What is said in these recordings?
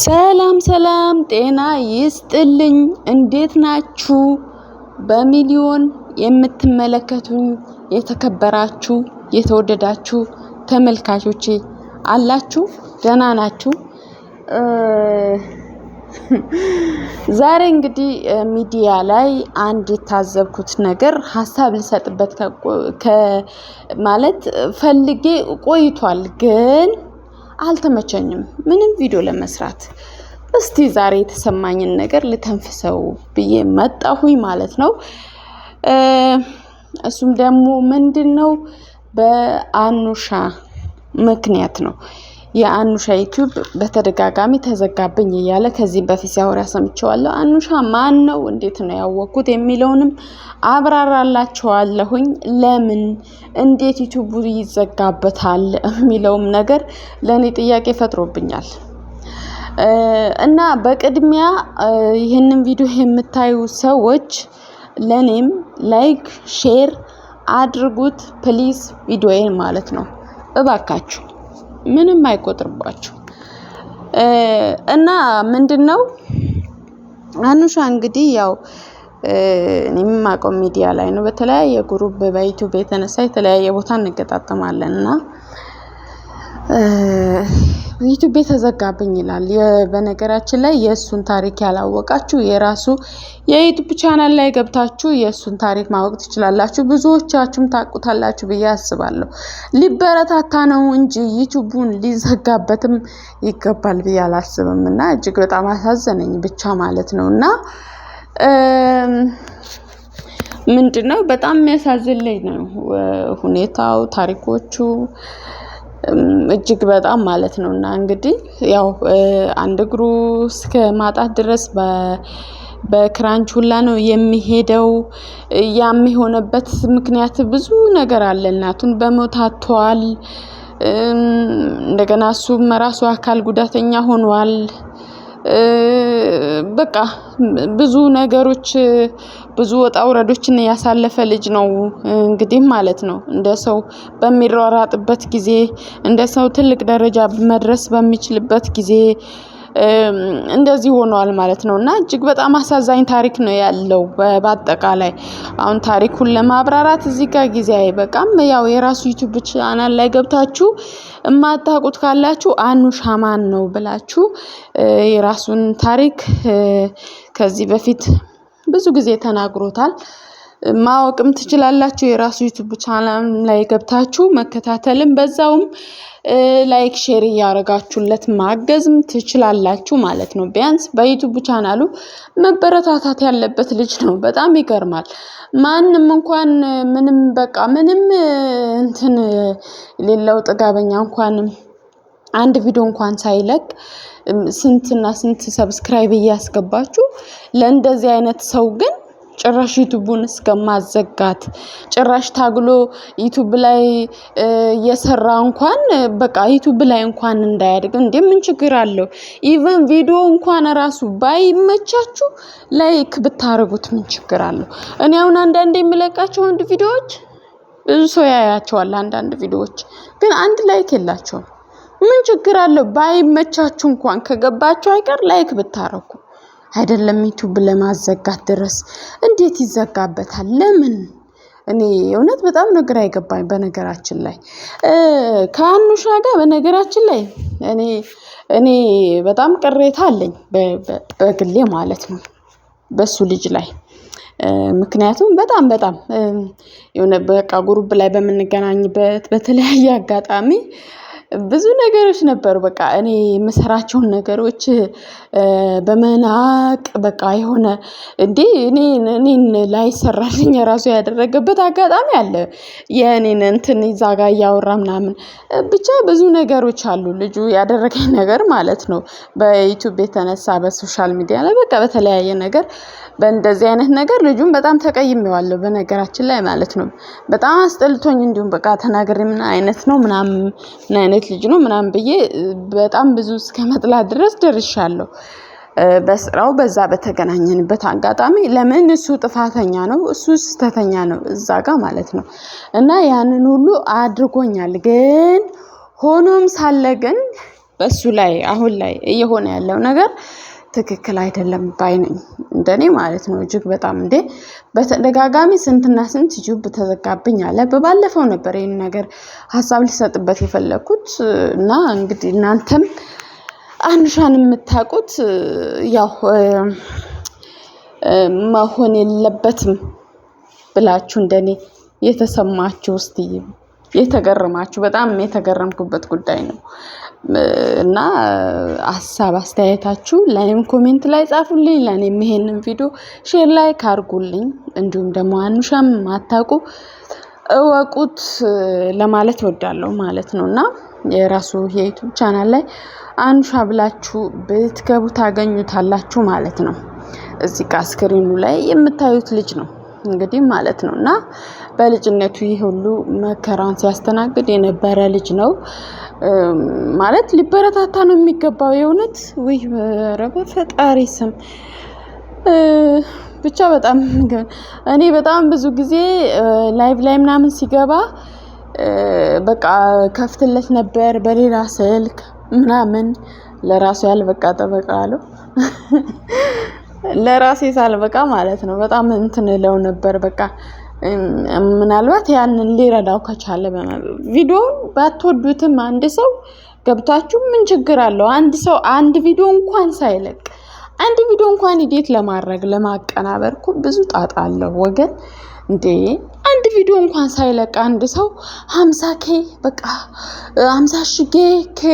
ሰላም ሰላም፣ ጤና ይስጥልኝ። እንዴት ናችሁ? በሚሊዮን የምትመለከቱኝ የተከበራችሁ የተወደዳችሁ ተመልካቾቼ አላችሁ? ደህና ናችሁ? ዛሬ እንግዲህ ሚዲያ ላይ አንድ የታዘብኩት ነገር ሀሳብ ልሰጥበት ማለት ፈልጌ ቆይቷል ግን አልተመቸኝም ምንም ቪዲዮ ለመስራት። እስቲ ዛሬ የተሰማኝን ነገር ልተንፍሰው ብዬ መጣሁኝ ማለት ነው። እሱም ደግሞ ምንድን ነው በአኑሻ ምክንያት ነው የአኑሻ ዩቲዩብ በተደጋጋሚ ተዘጋብኝ እያለ ከዚህ በፊት ሲያወራ ሰምቸዋለሁ። አኑሻ ማን ነው? እንዴት ነው ያወቅኩት? የሚለውንም አብራራላቸዋለሁኝ። ለምን እንዴት ዩቲዩቡ ይዘጋበታል የሚለውም ነገር ለእኔ ጥያቄ ፈጥሮብኛል። እና በቅድሚያ ይህንን ቪዲዮ የምታዩ ሰዎች ለእኔም ላይክ ሼር አድርጉት ፕሊዝ ቪዲዮዬን ማለት ነው እባካችሁ ምንም አይቆጥርባችሁ እና ምንድን ነው አኑሻ እንግዲህ ያው የማውቀው ሚዲያ ላይ ነው። በተለያየ ግሩፕ በዩቱብ የተነሳ የተለያየ ቦታ እንገጣጠማለን እና ዩቲዩብ ተዘጋብኝ ይላል። በነገራችን ላይ የእሱን ታሪክ ያላወቃችሁ የራሱ የዩቱብ ቻናል ላይ ገብታችሁ የእሱን ታሪክ ማወቅ ትችላላችሁ። ብዙዎቻችሁም ታቁታላችሁ ብዬ አስባለሁ። ሊበረታታ ነው እንጂ ዩቱቡን ሊዘጋበትም ይገባል ብዬ አላስብም እና እጅግ በጣም አሳዘነኝ ብቻ ማለት ነው እና ምንድን ነው በጣም የሚያሳዝን ነው ሁኔታው ታሪኮቹ እጅግ በጣም ማለት ነው እና እንግዲህ ያው አንድ እግሩ እስከ ማጣት ድረስ በክራንች ሁላ ነው የሚሄደው። ያም የሆነበት ምክንያት ብዙ ነገር አለ። እናቱን በሞት አጥቷል። እንደገና እሱም ራሱ አካል ጉዳተኛ ሆኗል። በቃ ብዙ ነገሮች ብዙ ወጣ ውረዶችን ያሳለፈ ልጅ ነው እንግዲህ ማለት ነው። እንደ ሰው በሚሯራጥበት ጊዜ፣ እንደ ሰው ትልቅ ደረጃ መድረስ በሚችልበት ጊዜ እንደዚህ ሆነዋል ማለት ነው እና እጅግ በጣም አሳዛኝ ታሪክ ነው ያለው። በአጠቃላይ አሁን ታሪኩን ለማብራራት እዚህ ጋር ጊዜ አይበቃም። ያው የራሱ ዩቱብ ቻናል ላይ ገብታችሁ የማታውቁት ካላችሁ አኑ ሻማን ነው ብላችሁ የራሱን ታሪክ ከዚህ በፊት ብዙ ጊዜ ተናግሮታል። ማወቅም ትችላላችሁ። የራሱ ዩቱብ ቻናል ላይ ገብታችሁ መከታተልም በዛውም ላይክ ሼር እያደረጋችሁለት ማገዝም ትችላላችሁ ማለት ነው። ቢያንስ በዩቱብ ቻናሉ መበረታታት ያለበት ልጅ ነው። በጣም ይገርማል። ማንም እንኳን ምንም በቃ ምንም እንትን ሌለው ጥጋበኛ እንኳንም አንድ ቪዲዮ እንኳን ሳይለቅ ስንትና ስንት ሰብስክራይብ እያስገባችሁ ለእንደዚህ አይነት ሰው ግን ጭራሽ ዩቱቡን እስከማዘጋት ጭራሽ ታግሎ ዩቱብ ላይ እየሰራ እንኳን በቃ ዩቱብ ላይ እንኳን እንዳያድግ እንዴ ምን ችግር አለው? ኢቨን ቪዲዮ እንኳን ራሱ ባይመቻችሁ ላይክ ብታደርጉት ምን ችግር አለው? እኔ አሁን አንዳንድ የምለቃቸው አንድ ቪዲዮዎች ብዙ ሰው ያያቸዋል። አንዳንድ ቪዲዮዎች ግን አንድ ላይክ የላቸውም። ምን ችግር አለው? ባይመቻችሁ እንኳን ከገባችሁ አይቀር ላይክ ብታረኩ አይደለም ዩቲዩብ ለማዘጋት ድረስ እንዴት ይዘጋበታል? ለምን? እኔ እውነት በጣም ነው ግራ አይገባኝ። በነገራችን ላይ ከአኑሻ ጋር በነገራችን ላይ እኔ እኔ በጣም ቅሬታ አለኝ በግሌ ማለት ነው በሱ ልጅ ላይ ምክንያቱም በጣም በጣም የሆነ በቃ ጉሩብ ላይ በምንገናኝበት በተለያየ አጋጣሚ ብዙ ነገሮች ነበሩ። በቃ እኔ የምሰራቸውን ነገሮች በመናቅ በቃ የሆነ እንዴ እኔ እኔን ላይሰራልኝ ራሱ ያደረገበት አጋጣሚ አለ። የእኔን እንትን እዛ ጋ እያወራ ምናምን ብቻ ብዙ ነገሮች አሉ ልጁ ያደረገኝ ነገር ማለት ነው። በዩቱብ የተነሳ በሶሻል ሚዲያ ላይ በቃ በተለያየ ነገር በእንደዚህ አይነት ነገር ልጁን በጣም ተቀይሜዋለሁ በነገራችን ላይ ማለት ነው። በጣም አስጠልቶኝ እንዲሁም በቃ ተናግሬ ምን አይነት ነው ምናምን ምን አይነት ሴት ልጅ ነው ምናምን ብዬ በጣም ብዙ እስከ መጥላት ድረስ ደርሻለሁ። በስራው በዛ በተገናኘንበት አጋጣሚ ለምን እሱ ጥፋተኛ ነው፣ እሱ ስህተተኛ ነው እዛ ጋር ማለት ነው። እና ያንን ሁሉ አድርጎኛል። ግን ሆኖም ሳለ ግን በሱ ላይ አሁን ላይ እየሆነ ያለው ነገር ትክክል አይደለም ባይ ነኝ። እንደኔ ማለት ነው። እጅግ በጣም እንዴ በተደጋጋሚ ስንትና ስንት ዩቲዩብ ተዘጋብኝ አለ። በባለፈው ነበር ይህን ነገር ሀሳብ ሊሰጥበት የፈለግኩት እና እንግዲህ እናንተም አንሻን የምታውቁት ያው መሆን የለበትም ብላችሁ እንደኔ የተሰማችሁ ውስጥ የተገረማችሁ በጣም የተገረምኩበት ጉዳይ ነው። እና ሀሳብ አስተያየታችሁ ለእኔም ኮሜንት ላይ ጻፉልኝ። ለእኔም ይሄንን ቪዲዮ ሼር ላይ ካርጉልኝ። እንዲሁም ደግሞ አኑሻም ማታውቁ እወቁት ለማለት ወዳለሁ ማለት ነው እና የራሱ የዩቱብ ቻናል ላይ አኑሻ ብላችሁ ብትገቡ ታገኙታላችሁ ማለት ነው። እዚህ ጋር ስክሪኑ ላይ የምታዩት ልጅ ነው። እንግዲህ ማለት ነው እና በልጅነቱ ይህ ሁሉ መከራን ሲያስተናግድ የነበረ ልጅ ነው ማለት ሊበረታታ ነው የሚገባው። የእውነት ውይ ረበ ፈጣሪ ስም ብቻ በጣም እኔ በጣም ብዙ ጊዜ ላይቭ ላይ ምናምን ሲገባ በቃ ከፍትለት ነበር በሌላ ስልክ ምናምን ለራሱ ያልበቃ ጠበቃ አለው። ለራሴ ሳልበቃ ማለት ነው። በጣም እንትን እለው ነበር። በቃ ምናልባት ያንን ሊረዳው ከቻለ ቪዲዮውን ባትወዱትም አንድ ሰው ገብታችሁ ምን ችግር አለው? አንድ ሰው አንድ ቪዲዮ እንኳን ሳይለቅ አንድ ቪዲዮ እንኳን ኢዲት ለማድረግ ለማቀናበር እኮ ብዙ ጣጣ አለው ወገን። እንዴ አንድ ቪዲዮ እንኳን ሳይለቅ አንድ ሰው ሀምሳ ኬ በቃ ሀምሳ ሺ ኬ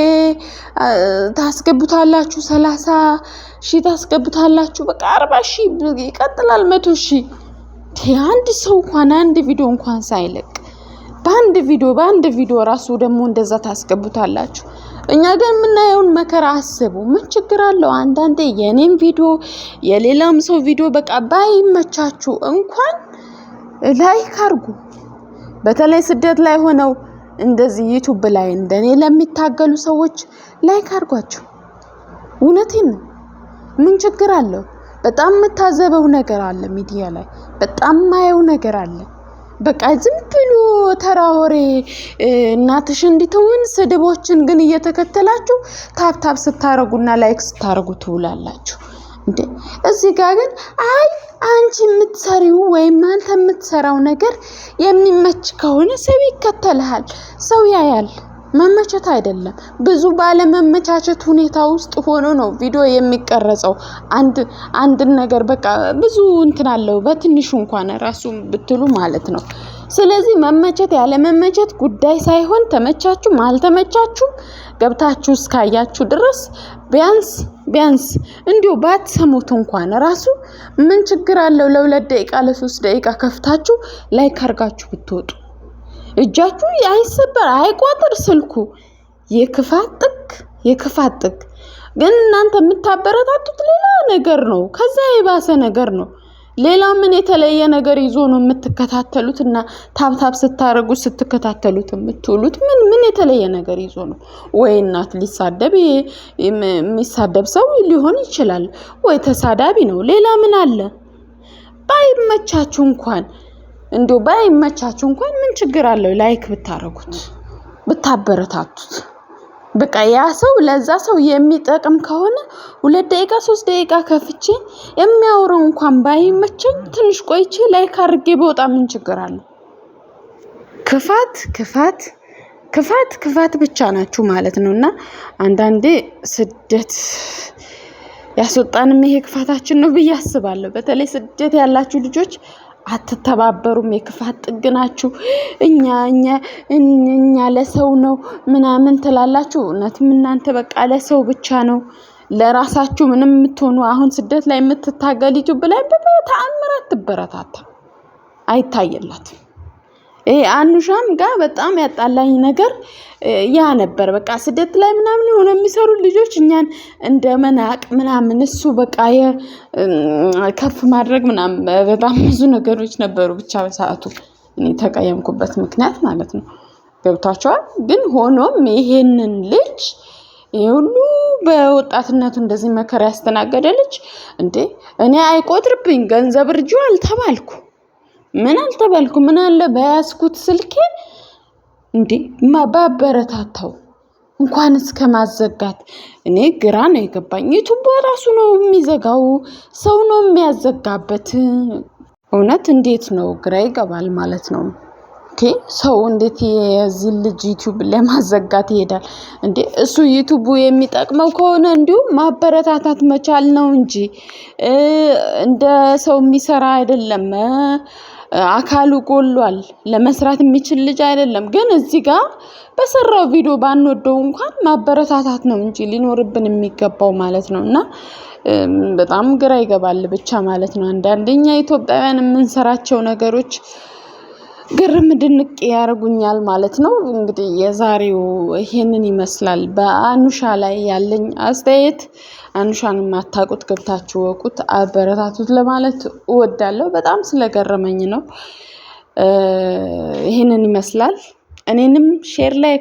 ታስገቡታላችሁ፣ ሰላሳ ሺ ታስገቡታላችሁ፣ በቃ አርባ ሺህ ይቀጥላል፣ መቶ ሺ አንድ ሰው እንኳን አንድ ቪዲዮ እንኳን ሳይለቅ በአንድ ቪዲዮ በአንድ ቪዲዮ ራሱ ደግሞ እንደዛ ታስገቡታላችሁ። እኛ ግን የምናየውን መከራ አስቡ። ምን ችግር አለው? አንዳንዴ የኔም ቪዲዮ የሌላም ሰው ቪዲዮ በቃ ባይመቻችሁ እንኳን ላይክ አርጉ። በተለይ ስደት ላይ ሆነው እንደዚህ ዩቱብ ላይ እንደኔ ለሚታገሉ ሰዎች ላይክ አርጓቸው። እውነቴን ነው። ምን ችግር አለው? በጣም የምታዘበው ነገር አለ፣ ሚዲያ ላይ በጣም ማየው ነገር አለ። በቃ ዝም ብሎ ተራወሬ እናትሽ እንዲትውን ስድቦችን ግን እየተከተላችሁ ታብታብ ስታረጉና ላይክ ስታረጉ ትውላላችሁ። እንዴ እዚህ ጋር ግን አይ አንቺ የምትሰሪው ወይም አንተ የምትሰራው ነገር የሚመች ከሆነ ሰው ይከተልሃል፣ ሰው ያያል። መመቸት አይደለም። ብዙ ባለመመቻቸት ሁኔታ ውስጥ ሆኖ ነው ቪዲዮ የሚቀረጸው። አንድ አንድን ነገር በቃ ብዙ እንትን አለው በትንሹ እንኳን ራሱ ብትሉ ማለት ነው። ስለዚህ መመቸት ያለመመቸት ጉዳይ ሳይሆን ተመቻችሁም አልተመቻችሁም ገብታችሁ እስካያችሁ ድረስ ቢያንስ ቢያንስ እንዲሁ ባትሰሙት እንኳን ራሱ ምን ችግር አለው? ለሁለት ደቂቃ ለሶስት ደቂቃ ከፍታችሁ ላይክ አርጋችሁ ብትወጡ እጃችሁ አይሰበር አይቆጥር ስልኩ። የክፋት ጥግ የክፋት ጥግ ግን እናንተ የምታበረታቱት ሌላ ነገር ነው። ከዛ የባሰ ነገር ነው። ሌላ ምን የተለየ ነገር ይዞ ነው የምትከታተሉት? እና ታብታብ ስታደርጉ ስትከታተሉት የምትውሉት ምን ምን የተለየ ነገር ይዞ ነው? ወይ እናት ሊሳደብ የሚሳደብ ሰው ሊሆን ይችላል፣ ወይ ተሳዳቢ ነው። ሌላ ምን አለ? ባይመቻችሁ እንኳን እንዶ ባይመቻችሁ እንኳን ምን ችግር አለው? ላይክ ብታረጉት ብታበረታቱት። በቃ ያ ሰው ለዛ ሰው የሚጠቅም ከሆነ ሁለት ደቂቃ ሶስት ደቂቃ ከፍቼ የሚያወራው እንኳን ባይመቸኝ ትንሽ ቆይቼ ላይክ አድርጌ በወጣ ምን ችግር አለው? ክፋት ክፋት ክፋት ክፋት ብቻ ናችሁ ማለት ነው። እና አንዳንዴ ስደት ያስወጣንም ይሄ ክፋታችን ነው ብዬ አስባለሁ። በተለይ ስደት ያላችሁ ልጆች አትተባበሩም፣ የክፋት ጥግ ናችሁ፣ እኛ እኛ እኛ ለሰው ነው ምናምን ትላላችሁ። እውነትም እናንተ በቃ ለሰው ብቻ ነው ለራሳችሁ ምንም የምትሆኑ አሁን ስደት ላይ የምትታገሊቱ ብላይ በተአምር አትበረታታ አይታየላትም። አኑሻም ጋር በጣም ያጣላኝ ነገር ያ ነበር። በቃ ስደት ላይ ምናምን የሆነ የሚሰሩ ልጆች እኛን እንደ መናቅ ምናምን እሱ በቃ ከፍ ማድረግ ምናምን በጣም ብዙ ነገሮች ነበሩ። ብቻ በሰዓቱ እኔ ተቀየምኩበት ምክንያት ማለት ነው። ገብቷቸዋል። ግን ሆኖም ይሄንን ልጅ ሁሉ በወጣትነቱ እንደዚህ መከራ ያስተናገደ ልጅ እንዴ እኔ አይቆጥርብኝ ገንዘብ እርጁ አልተባልኩ ምን አልተባልኩ። ምን አለ በያዝኩት ስልኬ እንዴ ባበረታታው እንኳን እስከ ማዘጋት እኔ ግራ ነው የገባኝ። ዩቱብ ራሱ ነው የሚዘጋው፣ ሰው ነው የሚያዘጋበት። እውነት እንዴት ነው ግራ ይገባል ማለት ነው። ኦኬ ሰው እንዴት የዚህ ልጅ ዩቱብ ለማዘጋት ይሄዳል እንዴ? እሱ ዩቱቡ የሚጠቅመው ከሆነ እንዲሁም ማበረታታት መቻል ነው እንጂ እንደ ሰው የሚሰራ አይደለም። አካሉ ጎሏል፣ ለመስራት የሚችል ልጅ አይደለም። ግን እዚህ ጋር በሰራው ቪዲዮ ባንወደው እንኳን ማበረታታት ነው እንጂ ሊኖርብን የሚገባው ማለት ነው። እና በጣም ግራ ይገባል ብቻ ማለት ነው። አንዳንደኛ ኢትዮጵያውያን የምንሰራቸው ነገሮች ግርም ድንቅ ያደርጉኛል ማለት ነው። እንግዲህ የዛሬው ይሄንን ይመስላል በአኑሻ ላይ ያለኝ አስተያየት። አኑሻን የማታውቁት ገብታችሁ ወቁት፣ አበረታቱት ለማለት እወዳለሁ። በጣም ስለገረመኝ ነው። ይሄንን ይመስላል። እኔንም ሼር ላይ